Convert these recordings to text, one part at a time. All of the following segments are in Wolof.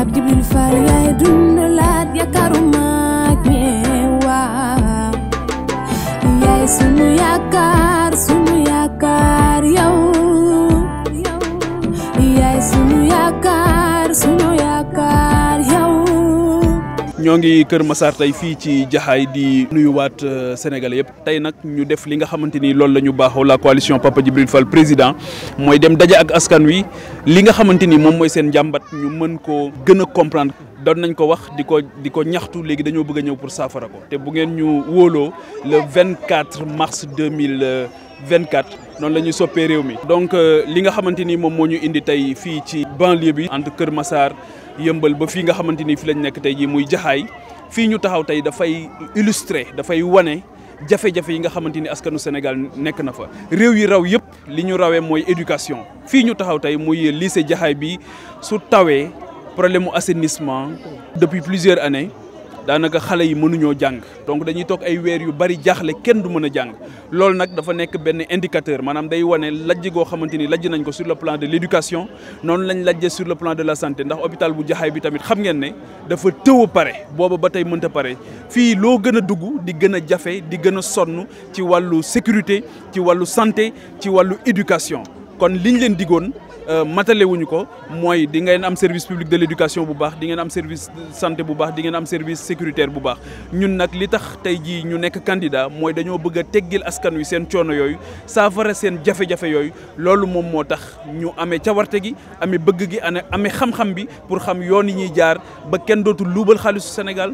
Abdi bil faal yaay dundalaat yaakaaru mag ñeewaaw yaay sunu yaakaar sunu yaakaar yow ñoo ngi Kër Massar tey fii ci Jaxaay di nuyuwaat euh, Sénégalais yëpp tey nag ñu def li nga xamante ni loolu la ñu baaxoo la coalition Papa Djibril fal président mooy dem daje ak askan wi li nga xamante ni moom mooy seen njàmbat ñu mën koo gën a comprendre doon nañ ko wax di ko di ko ñaxtu léegi dañoo bëgg a ñëw pour saafara ko te bu ngeen ñu wóoloo le 24 mars 2000. 24 non la soppé réew donc euh, li nga xamanteni mom moñu banlieue bi. entre keur Massar ba fi nga xamanteni fi lañ nek tay muy illustrer fay jafé yi nga askanu Sénégal nek fa yi raw yépp li ñu éducation fi ñu taxaw muy lycée bi problème assainissement depuis plusieurs années danaka xalé yi mënuñoo jang, donc dañuy tok ay bari jaxlé kenn du y a lool nak dafa nekk indicateur manam day wone lajj go sur le plan de l'éducation non lañ sur le plan de la santé ndax hôpital bu jaxay bi tamit xam ngeen né dafa a mënta di ci sécurité ci santé ci walu éducation kon liñ leen euh, matale wuñu ko service public de l'éducation bu baax di am service santé bu baax di am service sécuritaire bu baax ñun nak li tax tay ji ñu nek candidat moy dañoo bëgg askan wi seen yoyu sa seen loolu ñu gi bëgg gi xam-xam pour xam yoon yi jaar Sénégal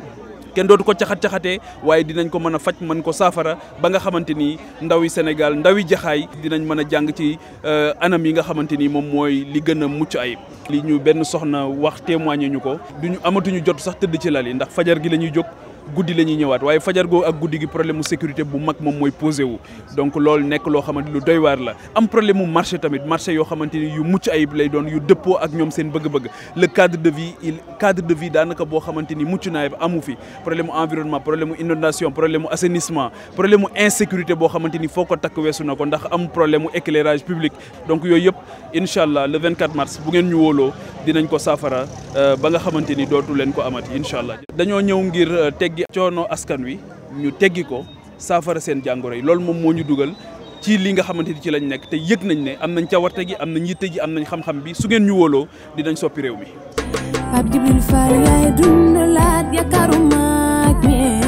kenn dootu ko caxat-caxatee waaye dinañ ko mën a faj mën ko saafara ba nga xamante ni ndaw Sénégal ndaw yi jaxaay dinañ mën a jàng ci euh, anam yi nga xamante ni moom mooy li gën a mucc ay li ñu benn soxna wax témoigné ñu ko duñu amatuñu jot sax tëdd ci lal yi ndax fajar gi la ñuy jóg goudi la ñëwaat waye fajar go ak goudi gi problème sécurité bu mag mom moy posé wu donc lool nek lo xamanteni lu doy war la am problème mu marché tamit marché yo xamanteni yu mucc ayib lay doon yu dëppoo ak ñom seen bëgg-bëgg le cadre de vie il cadre de vie da boo xamante ni mucc naayib amu fi problème environnement problème inondation problème assainissement problème insécurité bo xamanteni foko tak wessu nako ndax am problème éclairage public donc yoy yëpp inshallah le 24 mars bu ngeen ñu wolo dinañ ko safara euh, ba nga xamanteni dootu len ko amati inshallah. allah dañoo ñëw ngir euh, teg teggi coono askan wi ñu teggi ko saafara seen jàngoro yi loolu moom moo ñu dugal ci li nga xamante ni ci lañ nekk te yëg nañ ne am nañ cawarte gi am nañ yitte ji am nañ xam-xam bi su ngeen ñu wóoloo dinañ soppi réew mi.